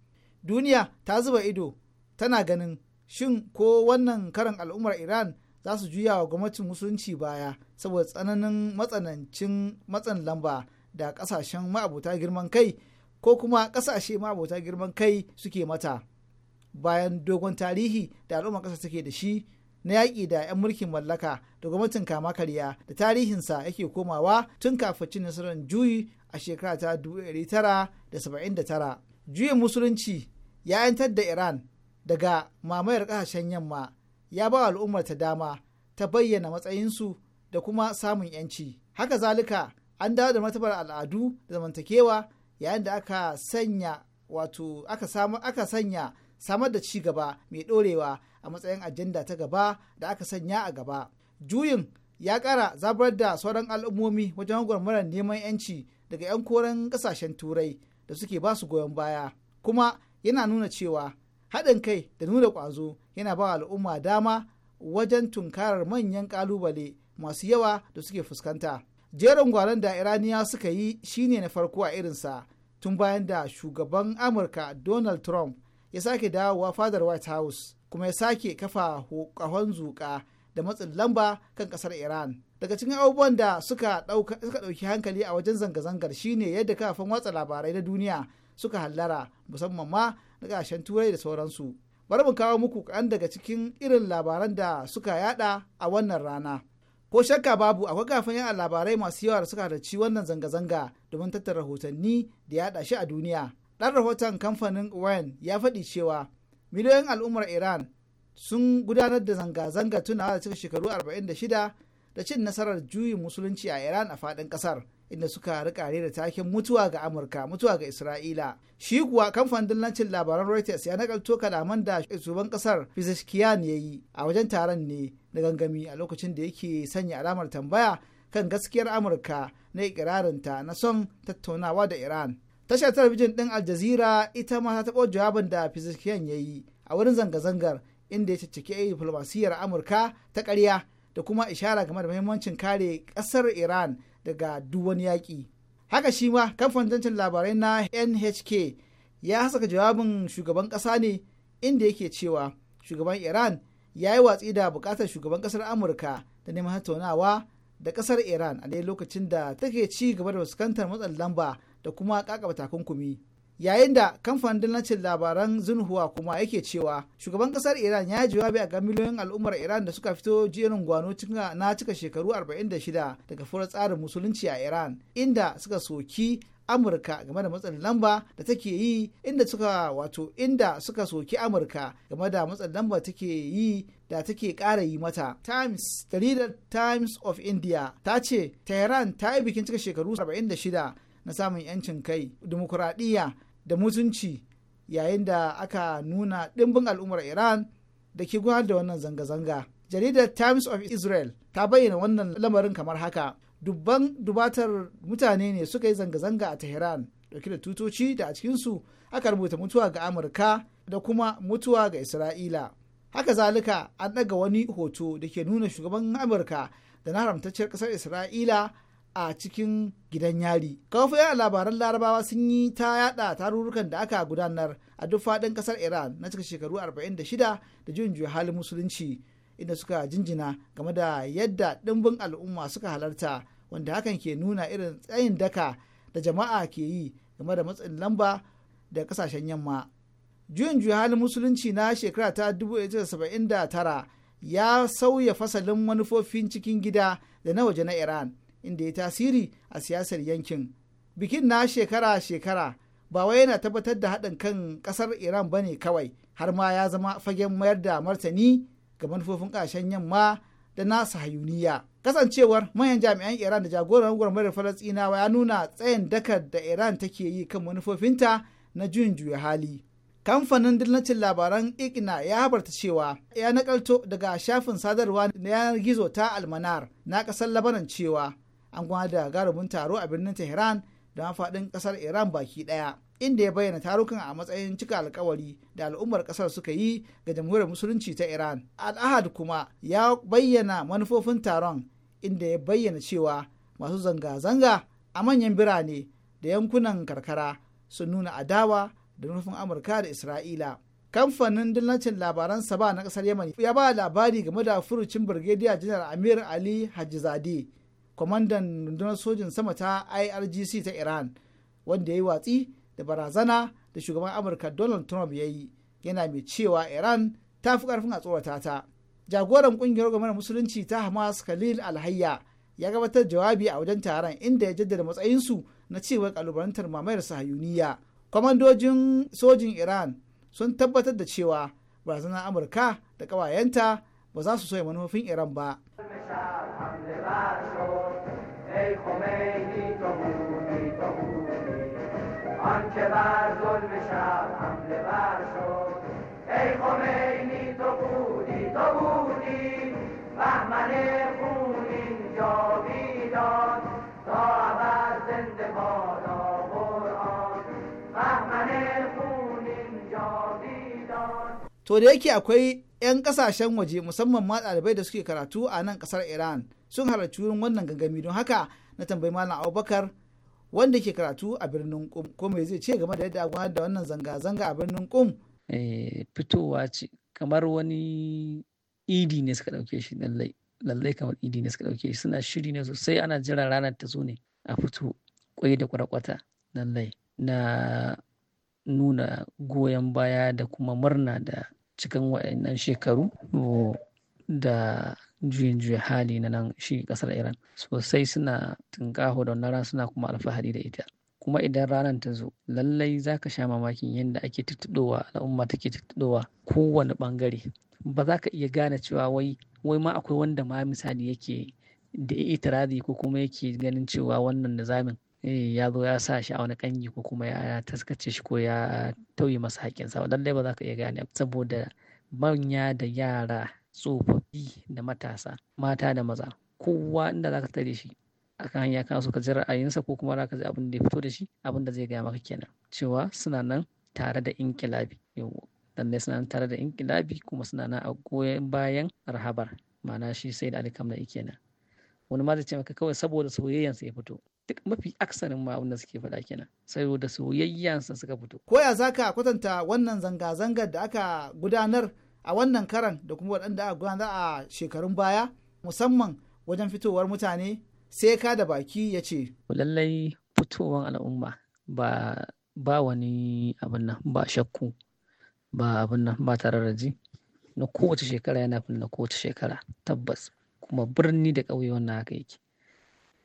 duniya ta zuba ido tana ganin shin ko wannan karan al'ummar iran za su juya wa gwamnatin musulunci baya saboda tsananin matsanancin matsan lamba da ƙasashen ma'abuta girman kai ko kuma ƙasashe ma'abuta girman kai suke mata bayan dogon tarihi da al'ummar ƙasa take da shi na yaƙi da 'yan mulkin mallaka da gwamnatin kama karya da tarihinsa yake komawa tun kafin cin nasarar juyi a shekara ta 1979. Juyin musulunci ya 'yantar da Iran daga mamayar ƙasashen yamma ya ba al'ummar ta dama ta bayyana matsayinsu da kuma samun 'yanci. Haka zalika an dawo da martabar al'adu da zamantakewa yayin da aka sanya wato aka aka sanya samar da ci gaba mai ɗorewa a matsayin ajanda ta gaba da aka sanya a gaba juyin ya kara zabar da sauran al'ummomi wajen gwamnatin neman yanci daga 'yan koren kasashen turai da suke ba su goyon baya kuma yana nuna cewa haɗin kai da nuna ƙwazo yana ba al'umma dama wajen tunkarar manyan ƙalubale masu yawa da suke fuskanta jerin gwalon da iraniya suka yi shine na farko a irinsa tun bayan da shugaban amurka donald trump ya sake dawowa fadar white house kuma ya sake kafa kahon zuƙa da matsin lamba kan ƙasar iran daga cikin abubuwan da suka ɗauki hankali a wajen zanga-zangar shine yadda kafin watsa labarai na duniya suka hallara musamman ma na kashen turai da sauransu bari mu kawo muku kaɗan daga cikin irin labaran da suka yada a wannan rana ko shakka babu akwai kafin yan labarai masu yawa da suka halarci wannan zanga-zanga domin tattara rahotanni da yada shi a duniya ɗan rahoton kamfanin wayan ya faɗi cewa miliyoyin al'ummar iran sun gudanar da zanga-zanga tunawa da cika shekaru 46 da cin nasarar juyin musulunci a iran a faɗin ƙasar inda suka rikare da takin mutuwa ga amurka mutuwa ga isra'ila shi kuwa kamfanin lancin labaran reuters ya nakalto kalaman da shugaban kasar fizikiyan ya yi a wajen taron ne na gangami a lokacin da yake sanya alamar tambaya kan gaskiyar amurka na ikirarinta na son tattaunawa da iran tashar talabijin ɗin aljazira ita ma ta taɓo jawabin da fizikiyan ya yi a wurin zanga-zangar inda ya cicciki diflomasiyyar amurka ta ƙarya da kuma ishara game da mahimmancin kare ƙasar iran daga duk wani yaƙi haka shi ma kamfanin jancin labarai na nhk ya saka jawabin shugaban ƙasa ne inda yake cewa shugaban iran ya yi watsi da buƙatar shugaban ƙasar amurka da neman tattaunawa da ƙasar iran a lokacin da take ci gaba da fuskantar matsin lamba da kuma kakaba takunkumi yayin da kamfanin dillancin labaran zunhuwa kuma yake cewa shugaban kasar iran ya jawabi a ga miliyoyin al'ummar iran da suka fito jerin gwano na cika shekaru 46 daga furar tsarin musulunci a iran inda suka soki amurka game da matsalin lamba da take yi inda suka wato inda suka soki amurka game da matsalin lamba take yi da take kara yi mata. Times, leader Times of India ta ce Tehran ta yi bikin cika shekaru 46. na samun 'yancin kai dimokuraɗiyya da mutunci yayin da aka nuna ɗimbin al'ummar iran da ke gudanar da wannan zanga-zanga jaridar times of israel ta bayyana wannan lamarin kamar haka dubban dubatar mutane ne suka yi zanga-zanga a tehran dauke da tutoci da a cikinsu aka rubuta mutuwa ga amurka da kuma mutuwa ga isra'ila haka zalika an ɗaga wani hoto da ke nuna shugaban amurka da na haramtacciyar ƙasar isra'ila a cikin gidan yari. Kafofin a labaran larabawa sun yi ta yada tarurrukan da aka gudanar a duk faɗin ƙasar Iran na cika shekaru 46 da juyin halin musulunci inda suka jinjina game da yadda ɗimbin al'umma suka halarta wanda hakan ke nuna irin tsayin daka da jama'a ke yi game da matsin lamba da kasashen yamma. Juyin halin musulunci na shekara ta 1979 ya sauya fasalin manufofin cikin gida da na waje na Iran. inda ya tasiri a siyasar yankin bikin na shekara-shekara ba wai yana tabbatar da haɗin kan ƙasar iran ba ne kawai har ma ya zama fagen mayar da martani ga manufofin ƙashen yamma da nasa hayuniya kasancewar manyan jami'an iran da jagoran gwamnatin falastinawa ya nuna tsayin dakar da iran take yi kan manufofinta na juyin juya hali kamfanin dillacin labaran ikina ya habarta cewa ya nakalto daga shafin sadarwa na yanar gizo ta almanar na ƙasar labanan cewa an gwada da garabin taro a birnin tehran da faɗin ƙasar iran baki ɗaya inda ya bayyana tarukan a matsayin cika alkawari da al'ummar ƙasar suka yi ga jamhuriyar musulunci ta iran al'ahad kuma ya bayyana manufofin taron inda ya bayyana cewa masu zanga-zanga a manyan birane da yankunan karkara sun nuna adawa da nufin amurka da isra'ila kamfanin dillancin labaran saba na ƙasar yamani ya ba labari game da furucin birgediya janar amir ali hajizade kwamandan rundunar sojin sama ta irgc ta iran wanda ya yi watsi da barazana da shugaban amurka donald trump ya yi yana mai cewa iran ta fi karfin a tsorata ta jagoran kungiyar gwamnar musulunci ta hamas khalil alhayya ya gabatar jawabi a wajen taron inda ya jaddada matsayinsu na cewar kalubalantar mamayar sahayuniya kwamandojin sojin iran sun tabbatar da cewa barazanar amurka da ƙawayenta ba za su soya manufofin iran ba سر حمله بر شد ای خمینی تو بودی تو بودی آن که بر ظلم شب حمله بر شد ای خمینی تو بودی تو بودی بهمن خون جا بیداد تا عبر زنده بادا قرآن بهمن خون جا بیداد تو دیگه yake 'yan kasashen waje musamman ma ɗalibai da suke karatu a nan ƙasar iran sun halarci wurin wannan gangami don haka na tambayi malam abubakar wanda ke karatu a birnin kum ko me zai ce game da yadda gudanar da wannan zanga-zanga a birnin kum eh, fitowa ce kamar wani idi ne suka ɗauke shi lallai lallai kamar idi ne suka ɗauke shi suna shiri ne sosai ana jiran ranar ta zo ne a fito kwai da kwarakwata lallai na nuna goyon baya da kuma murna da cikin waɗannan shekaru da juyin juyin hali na nan shi kasar iran sosai suna tunkaho da wannan rana suna kuma alfahari da ita kuma idan ranar ta zo lallai za ka sha mamakin yadda ake tuttuɗowa al'umma take tuttuɗowa kowane ɓangare ba za ka iya gane cewa wai wai ma akwai wanda ma misali yake da itirazi ko kuma yake ganin cewa wannan nizamin Eh, ya zo ya sa shi a wani kangi ko kuma ya taskace shi ko ya tauye masa haƙƙinsa lallai ba za ka iya gane saboda manya da yara tsofaffi da matasa mata da maza kowa inda za ka tare shi akan hanya kan so ka ji ra'ayinsa ko kuma za ka ji abin da ya fito da shi abin da zai gaya maka kenan cewa suna nan tare da inkilabi lallai suna nan tare da inkilabi kuma suna nan a goyon bayan rahabar ma'ana shi sai da alikam na kenan wani ma zai ce maka kawai saboda soyayyansa ya fito duk mafi aksarin ma wanda suke faɗa kenan saboda soyayyansa suka fito Ko koya zaka kwatanta wannan zanga-zangar da aka gudanar a wannan karan da kuma waɗanda aka gudanar a shekarun baya musamman wajen fitowar mutane sai ka da baki ya ce lallai fitowar al'umma ba ba wani abin nan ba shakku ba abin nan ba tararraji na kowace shekara yana fin na kowace shekara tabbas kuma birni da ƙauye wannan haka yake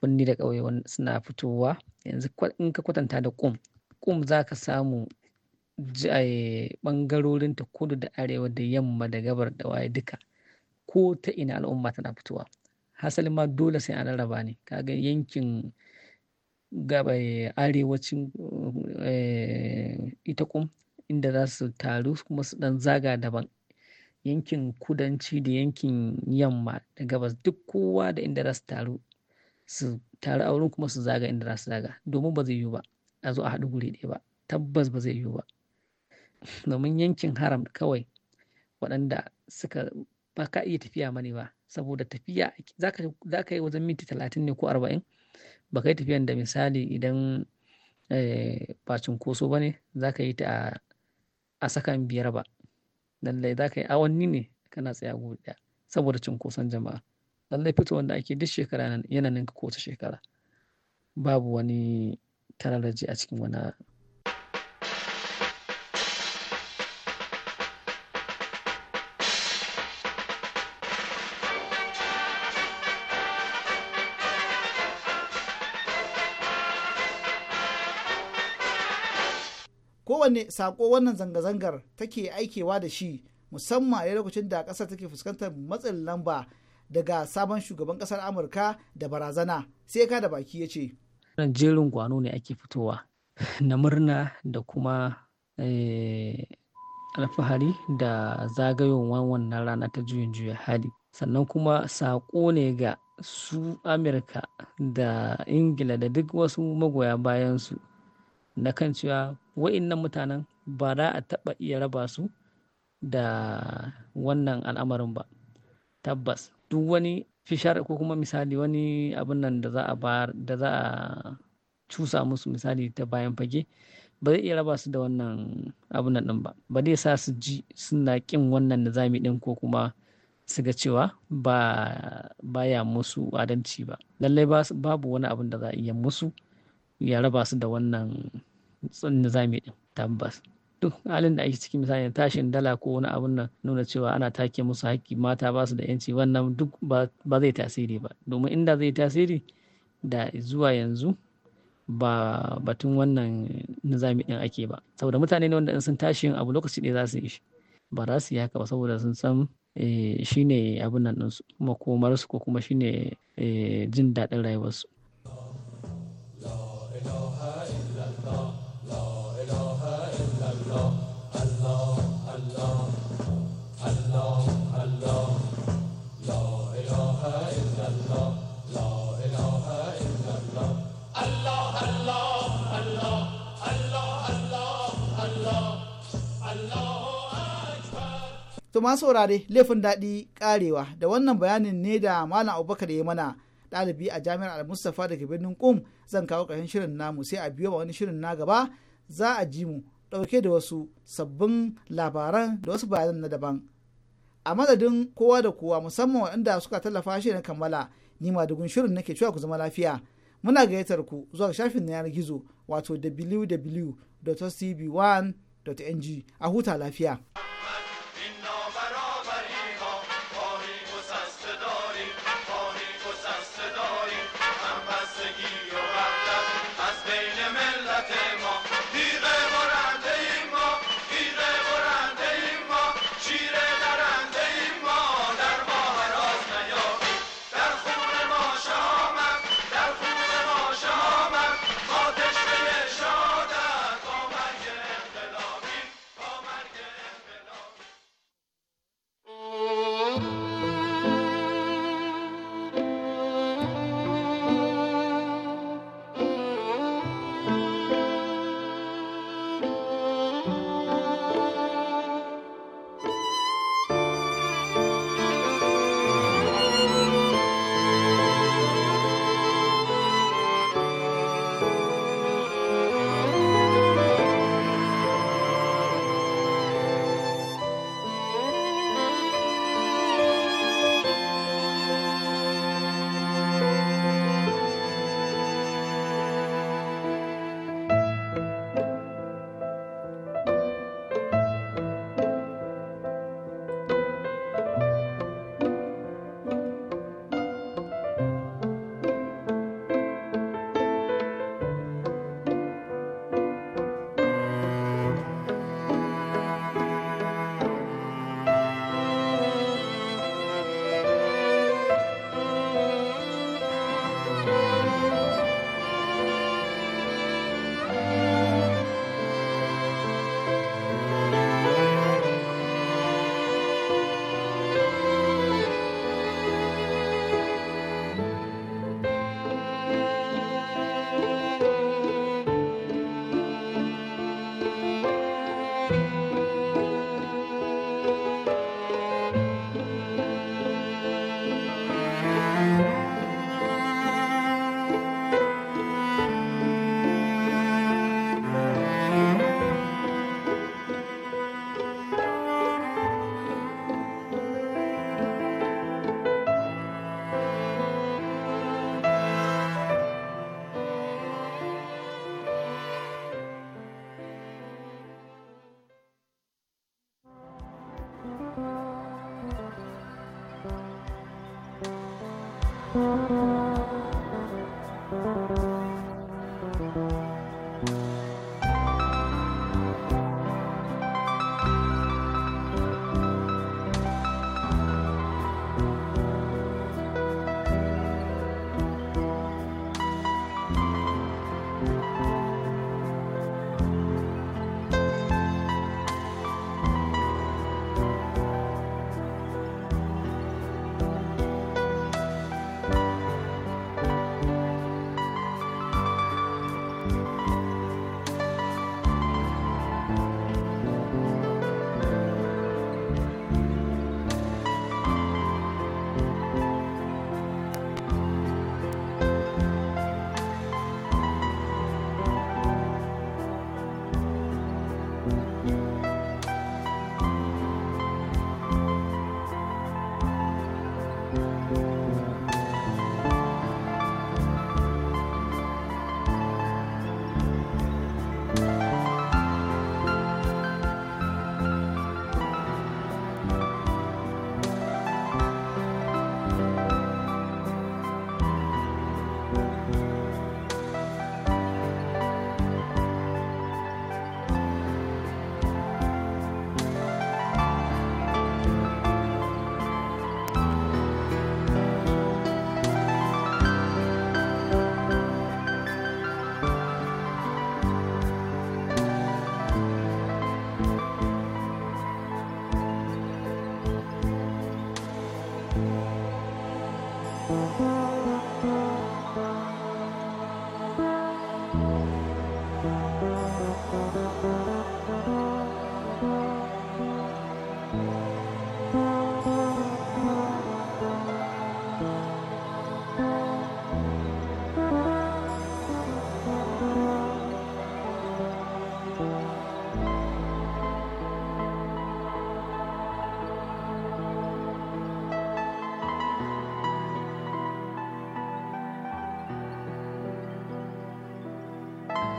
birni da ƙauye suna fitowa yanzu in ka kwatanta da kum kum za ka samu eh, ɓangarorin ta kudu da arewa da yamma da gabar da waye duka ko ta ina al'umma tana fitowa hasali ma dole sai an rarraba ne kaga yankin gaba eh, arewacin eh, ita kum inda za su taru kuma su dan zaga daban yankin kudanci da yankin yamma da gabas duk kowa da inda za su taru su tare auren kuma su zaga inda za su zaga domin ba zai yiwu ba a zo a haɗu guri ɗaya ba tabbas ba zai yiwu ba domin yankin haram kawai waɗanda suka ba ka iya tafiya mani ba saboda tafiya za ka yi wajen minti talatin ne ko arba'in ba ka yi tafiyan da misali idan eh, ba cunkoso ba ne za ka yi ta a sakan biyar ba lallai za ka yi awanni ne kana tsaya ɗaya saboda cunkoson jama'a lallai fito da ake duk shekara yana ninka kowace shekara babu wani tararraji a cikin wani kowane sako wannan zanga-zangar take aikewa da shi musamman a lokacin da ƙasar take fuskantar matsin lamba daga sabon shugaban kasar amurka da barazana sai ka da baki ya ce jerin gwano ne ake fitowa na murna da kuma eh, alfahari da zagayowar wannan rana ta juyin juya hali sannan kuma saƙo ne ga su amurka da ingila da duk wasu magoya bayansu na kan cewa wa'innan mutanen ba za a taɓa iya raba su da wannan al'amarin ba tabbas duk wani fishar ko kuma misali wani abin nan da za a bayar da za a cusa musu misali ta bayan fage ba zai iya raba su da wannan abin nan ba ba zai sa su ji suna kin wannan da nizami din ko kuma su ga cewa ba baya musu adalci ba lallai babu wani abin da za a iya musu ya raba su da wannan nizami din tabbas duk halin da ake ciki misali tashin dala ko wani abun nan nuna cewa ana take musu haƙƙi mata ba su da yanci wannan duk ba zai tasiri ba domin inda zai tasiri da zuwa yanzu ba batun wannan nizami din ake ba saboda mutane ne wanda in sun tashi yin abu lokaci ɗaya za su yi shi ba za su yi haka ba saboda sun san eh, shine abun nan ɗinsu kuma komarsu ko kuma shine eh, jin daɗin rayuwarsu To ma saurare laifin daɗi ƙarewa da wannan bayanin ne da Malam Abubakar ya mana ɗalibi a jami'ar Al-Mustapha daga birnin Qum zan kawo ƙarshen shirin namu sai a biyo wani shirin na gaba za a ji mu ɗauke da wasu sabbin labaran da wasu bayanan na daban. A madadin kowa da kowa musamman waɗanda suka tallafa shi na kammala ni ma dugun shirin nake cewa ku zama lafiya. Muna gayyatar ku zuwa shafin na yanar gizo wato www.tv1.ng a huta lafiya.